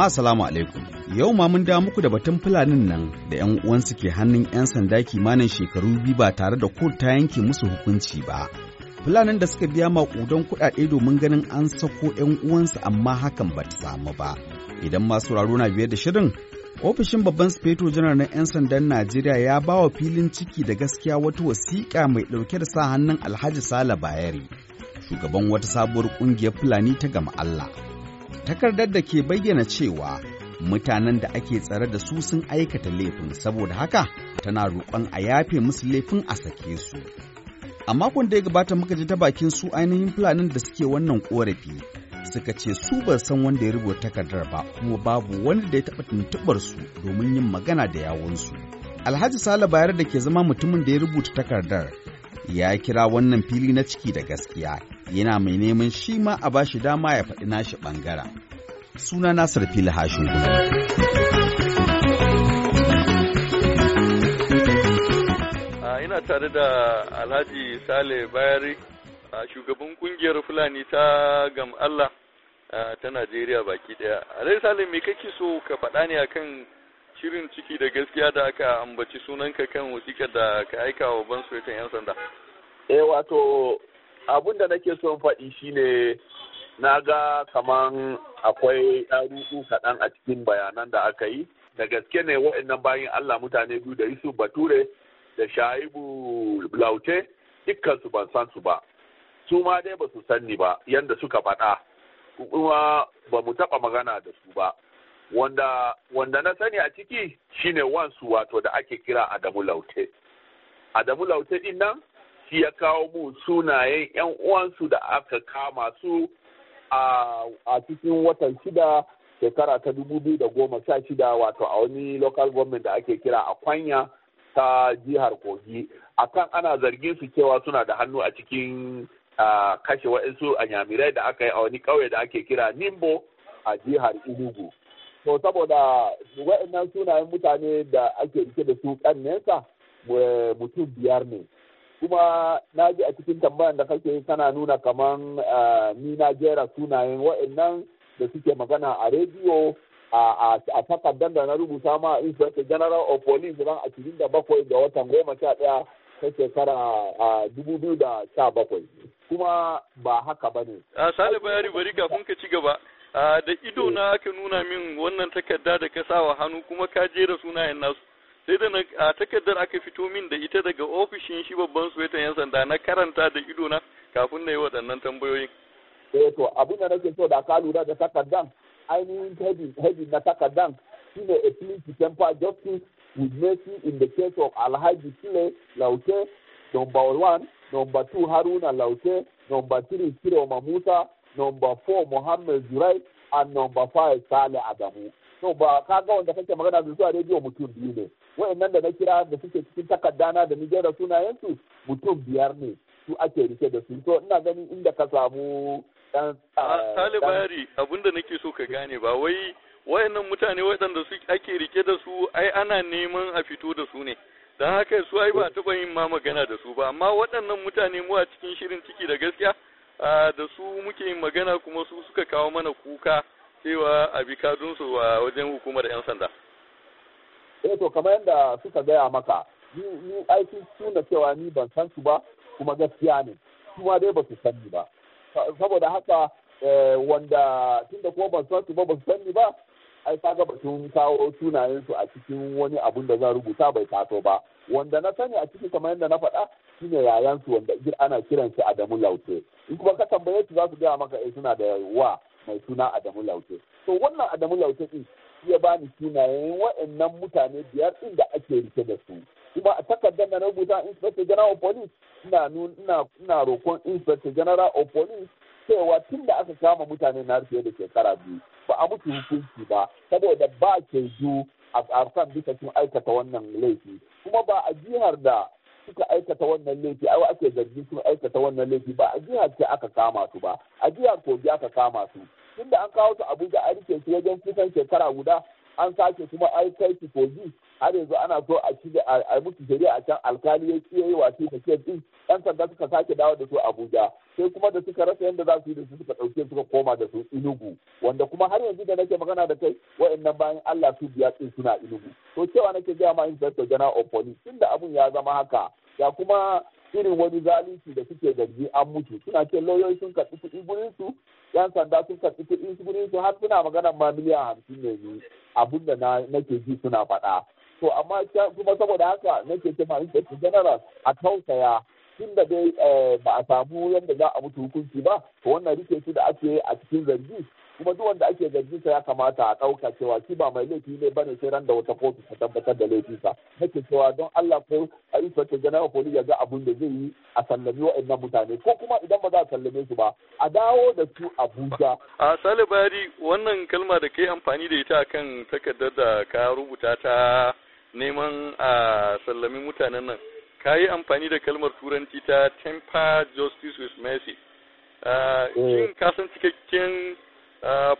jama'a salamu alaikum yau ma mun da muku da batun fulanin nan da yan uwansu ke hannun yan sanda kimanin shekaru biyu ba tare da kot ta yanke musu hukunci ba fulanin da suka biya maƙudan kuɗaɗe domin ganin an sako yan uwansu amma hakan ba ta samu ba idan masu sauraro na biyar da shirin ofishin babban sufeto janar na 'yan sandan najeriya ya ba wa filin ciki da gaskiya wata wasiƙa mai ɗauke da sa hannun alhaji sala bayeri shugaban wata sabuwar ƙungiyar fulani ta gama allah takardar da ke bayyana cewa mutanen da ake tsare da su sun aikata laifin saboda haka tana roƙon a yafe musu laifin a sake su. A makon da ya gabata muka ji ta bakin su ainihin fulanin da suke wannan korafi suka ce su ba san wanda ya rubuta takardar ba kuma babu wanda da ya taɓa tuntuɓar su domin yin magana da yawunsu. Alhaji Sale Bayar da ke zama mutumin da ya rubuta takardar ya kira wannan fili na ciki da gaskiya yana mai neman shi ma a bashi dama ya faɗi nashi ɓangara, Suna Nasir Fili Hashin Ina tare da Alhaji Sale Bayari, shugaban kungiyar Fulani ta Gam Allah ta Najeriya baki ɗaya. Alhaji Sale, me kake so ka faɗa ne akan shirin ciki da gaskiya da aka ambaci sunanka kan wasiƙar da ka aika wa ban 'yan sanda? Eh wato abin da nake son faɗi shine na ga kaman akwai ɗaruɗu kaɗan a cikin bayanan da aka yi da gaske ne waɗannan bayan Allah mutane biyu da Yusuf Bature da Shaibu Laute dukkan su ban san su ba su ma dai ba su sanni ba yanda suka faɗa kuma ba mu taɓa magana da su ba wanda wanda na sani a ciki shine wansu wato da ake kira Adamu Laute Adamu Laute din nan shi ya kawo mu sunayen 'yan uwansu da aka kama su a cikin watan shida shekara ta dubu biyu da goma sha shida wato a wani local government da ake kira a kwanya ta jihar kogi akan ana zargin su cewa suna da hannu a cikin kashe wa'insu a nyamirai da aka yi a wani ƙauye da ake kira nimbo a jihar inugu to saboda waɗannan sunayen mutane da ake rike da su nesa mutum biyar ne kuma na ji a cikin tambayan da kake kana nuna kaman ni na jera sunayen wa'annan da suke magana a rediyo a takardar da na rubuta ma inspector general of police ran ashirin da bakwai da watan goma sha daya ta shekara a dubu biyu da sha bakwai kuma ba haka ba ne. a sale bayani bari kafin ka ci gaba da ido na eh. aka nuna min wannan takarda da ka sa wa hannu kuma ka jera sunayen nasu. sai da na a takardar aka fito min da ita daga ofishin shi babban suwetan yan sanda na karanta da ido na kafin na yi waɗannan tambayoyin. Eh to abin da nake so da ka lura da takardan ainihin hedin na takardan shine a plea to temper justice with mercy in the case of Alhaji Kile Lauke number one, number two Haruna Lauke, number three Kiro Musa, number four Mohammed Zurai, and number five Saleh Adamu. So ba ka ga wanda kake magana da zuwa rediyo mutum biyu ne. wa'annan da na kira da suke cikin takaddana da nijar da sunayensu mutum biyar ne su ake rike da su to ina ganin inda ka samu dan talibari ah, abinda nake so ka gane ba wai wayannan mutane waɗanda su ake rike da su ai ana neman a fito da su ne don haka su ai ba taɓa yin ma magana da su ba amma waɗannan mutane mu a cikin shirin ciki da gaskiya da su muke yin magana kuma su suka kawo mana kuka cewa a bi kadunsu a wajen hukumar 'yan sanda. eh to kamar yadda suka gaya maka ni ai sun tuna cewa ni ban san su ba kuma gaskiya ne su ma dai ba su sani ba saboda haka eh, wanda tunda kuma ban san su ba ba su sani ba ai kaga batun kawo sunayen su a cikin wani abun da zan rubuta bai taso ba wanda na sani a ciki kamar yadda na faɗa shine yayan su wanda ana kiran shi Adamu Laute in kuma ka tambaye su za su gaya maka eh suna da wa mai suna Adamu Laute to wannan Adamu Laute din ya bani sunayen waɗannan mutane biyar ɗin da ake rike da su kuma a takardar na rubuta inspector general of police ina ina roƙon inspector general of police cewa tun da aka kama mutane na rufe da shekara biyu ba a mutu hukunci ba saboda ba ke ju a kan bisa sun aikata wannan laifi kuma ba a jihar da suka aikata wannan laifi a ake zargin sun aikata wannan laifi ba a jihar ce aka kama su ba a jihar kogi aka kama su tun da an kawo su abuja an rike shi wajen kusan shekara guda an sake kuma an kai su kogi har yanzu ana so a ci a mutu shari'a a can alkali ya ciye yi wasu ta ce din yan sanda suka sake dawo da su abuja sai kuma da suka rasa yadda za su yi da su suka ɗauke suka koma da su inugu wanda kuma har yanzu da nake magana da kai wa'annan bayan allah su biya tsin suna inugu to cewa nake gaya ma inspector general of police tunda abun ya zama haka ya kuma irin wani zalunci da suke zargi an mutu suna ce lauyoyi sun karɓi kuɗin gurin su yan sanda sun karɓi kuɗin su gurin su har suna magana ma miliyan hamsin ne ni abin da nake ji suna faɗa to amma kuma saboda haka nake ce ma inspector general a tausaya tun da dai eh, ba a samu yadda za a mutu hukunci ba to wannan rike su da ake a cikin zargi kuma duk wanda ake sa ya kamata a ɗauka cewa shi ba mai laifi ne bane sai ran da wata kotu ta tabbatar da sa nake cewa don Allah ko a yi sace jana'a poli ya ga abun da zai yi a sallami wa'annan mutane ko kuma idan ba za a sallame su ba a dawo da su Abuja. A Bari, wannan kalma da ka yi amfani da ita akan takardar da ka rubuta ta neman a sallami mutanen nan ka yi amfani da kalmar turanci ta temper justice with mercy. Eh. Shin ka san cikakken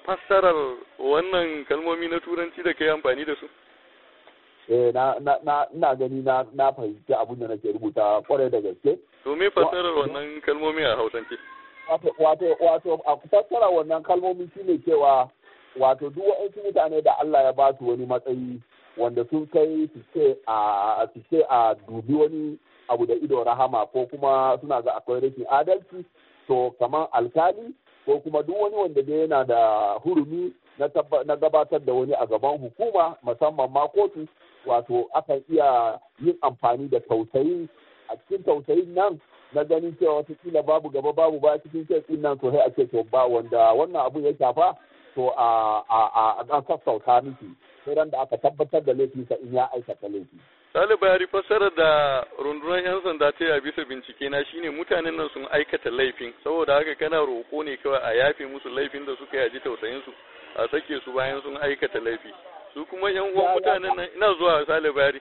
fassarar wannan kalmomi na turanci da ka yi amfani da su? Eh, na na na gani na fahimci abin da nake rubuta kwarai da gaske. To me fassarar wannan kalmomi a hausance? Wato, wato, a fassara wannan kalmomi shine cewa wato duk waɗansu mutane da Allah ya ba su wani matsayi wanda sun kai su ce a su ce a dubi wani abu da ido rahama ko kuma suna ga akwai rashin adalci to kamar alkali ko kuma duk wani wanda dai yana da hurumi na gabatar da wani a gaban hukuma musamman ma kotu wato akan iya yin amfani da tausayi a cikin tausayin nan na ganin cewa kila babu gaba babu ba cikin kesin nan sosai a ce to ba wanda wannan abu ya shafa to a a a sassauta miki sai da aka tabbatar da laifinsa in ya aikata laifi. sale ya fassara da rundunar 'yan sanda ta yi bisa bincike na shine mutanen nan sun aikata laifin saboda haka kana roƙo ne kawai a yafe musu laifin da suka yaji tausayin su a sake su bayan sun aikata laifi su kuma yan uwan mutanen nan ina zuwa Sale Bari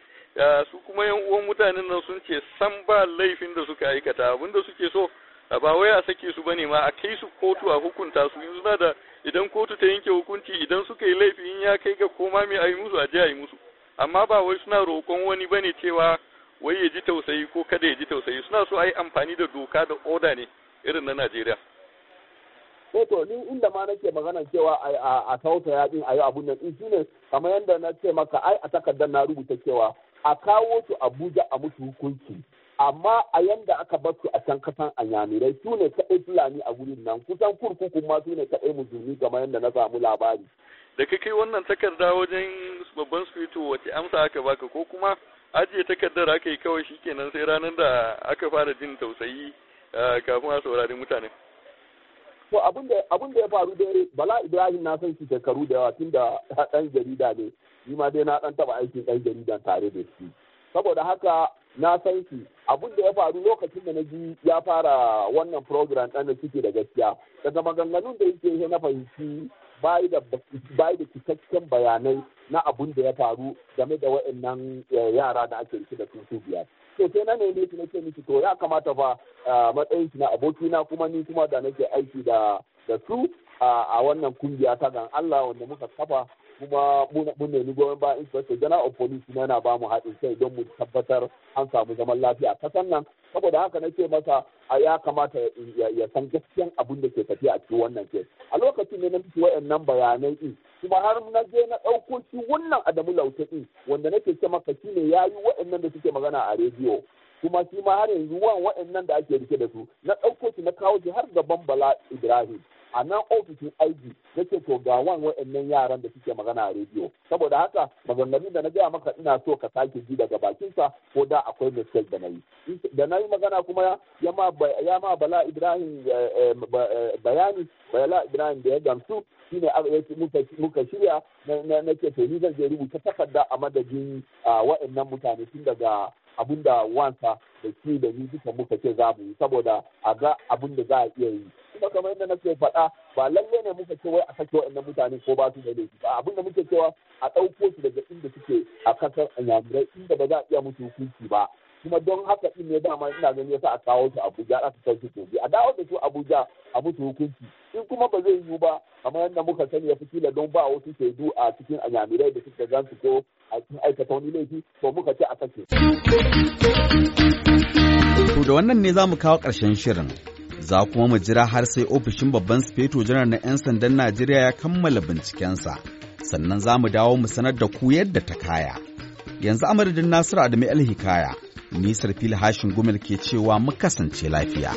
su kuma yan uwan mutanen nan sun ce san ba laifin da suka aikata abinda suke so ba wai a sake su bane ma a kai su kotu a hukunta su yanzu da idan kotu ta yanke hukunci idan suka yi laifi in ya kai ga koma mai yi musu a je yi musu amma ba wai suna roƙon wani ne cewa wai ya ji tausayi ko kada ya ji tausayi suna so a yi amfani da doka da oda ne irin na Najeriya. ne eh to ni inda ma nake magana cewa a tauta ya din ayi abun nan in shine kamar yadda na ce maka ai a takardar na rubuta cewa a kawo su Abuja a musu hukunci amma a yanda aka bar su a can kasan anyamirai su ne kaɗai fulani a gurin nan kusan kurkukun ma su ne kaɗai musulmi kamar yadda na samu labari da ka kai wannan takarda wajen babban sufito wace amsa aka baka ko kuma ajiye takardar aka yi kawai shikenan sai ranar da aka fara jin tausayi eh, kafin a saurari mutane. To abin da ya faru da Bala Ibrahim na san shi shekaru da yawa tun da ɗan jarida ne, ni ma dai na ɗan taɓa aikin ɗan jarida tare da shi. Saboda haka na san shi abin da ya faru lokacin da na ji ya fara wannan program ɗan da suke da gaskiya. Daga maganganun da yake na fahimci bayi da cikakken bayanai na abun da ya faru game da waɗannan eh, yara da ake rike da su biyar to sai na nemi shi nake miki to ya kamata fa matsayin shi na abokina kuma ni kuma da nake aiki da da su a wannan kungiya ta gan Allah wanda muka kafa kuma mun nemi goyon bayan inspector general of police kuma yana ba mu haɗin kai don mu tabbatar an samu zaman lafiya kasan nan saboda haka na ce masa a ya kamata ya san gaskiyan abin da ke tafiya a cikin wannan ke a lokacin ne na fito waɗannan bayanai din kuma har na je na ɗauko shi wannan Adamu lauta din wanda nake ce maka ya yi wayannan da suke magana a rediyo kuma shi ma har yanzu wan waɗannan da ake rike da su na ɗauko shi na kawo shi har gaban Bala Ibrahim a nan ofishin aiki nake to ga wan wa'annan yaran da suke magana a rediyo saboda haka maganganun da na gaya maka ina so ka sake ji daga bakinsa ko da akwai mistake da na yi da na yi magana kuma ya ma bala ibrahim eh, eh, eh, bayani bala ibrahim da ya gamsu shine muka shirya na ke to ni zan je rubuta takarda a madadin ah, wa'annan mutane tun daga abin da wansa da shi da ni duka muka ce za mu yi saboda a ga abin da za a iya yi kuma kamar yadda nake faɗa ba lalle ne muka ce wai a sake waɗannan mutane ko ba su da laifi ba abin da muke cewa a ɗauko su daga inda suke a kasar anyamurai inda ba za a iya musu hukunci ba kuma don haka din ne dama ina ganin yasa a kawo su Abuja aka kai su gobe a dawo da su Abuja a mutu hukunci in kuma ba zai yiwu ba kamar yadda muka sani ya fi kila don ba wasu shaidu a cikin anyamirai da suke gan su ko a cikin aikata wani laifi to muka ce a sake. To da wannan ne za mu kawo ƙarshen shirin za kuma mu jira har sai ofishin babban sufeto janar na 'yan sandan najeriya ya kammala bincikensa sannan za mu dawo mu sanar da ku yadda ta kaya yanzu amadadin nasiru adamu alhikaya nisar fili hashin gumel ke cewa mu kasance lafiya.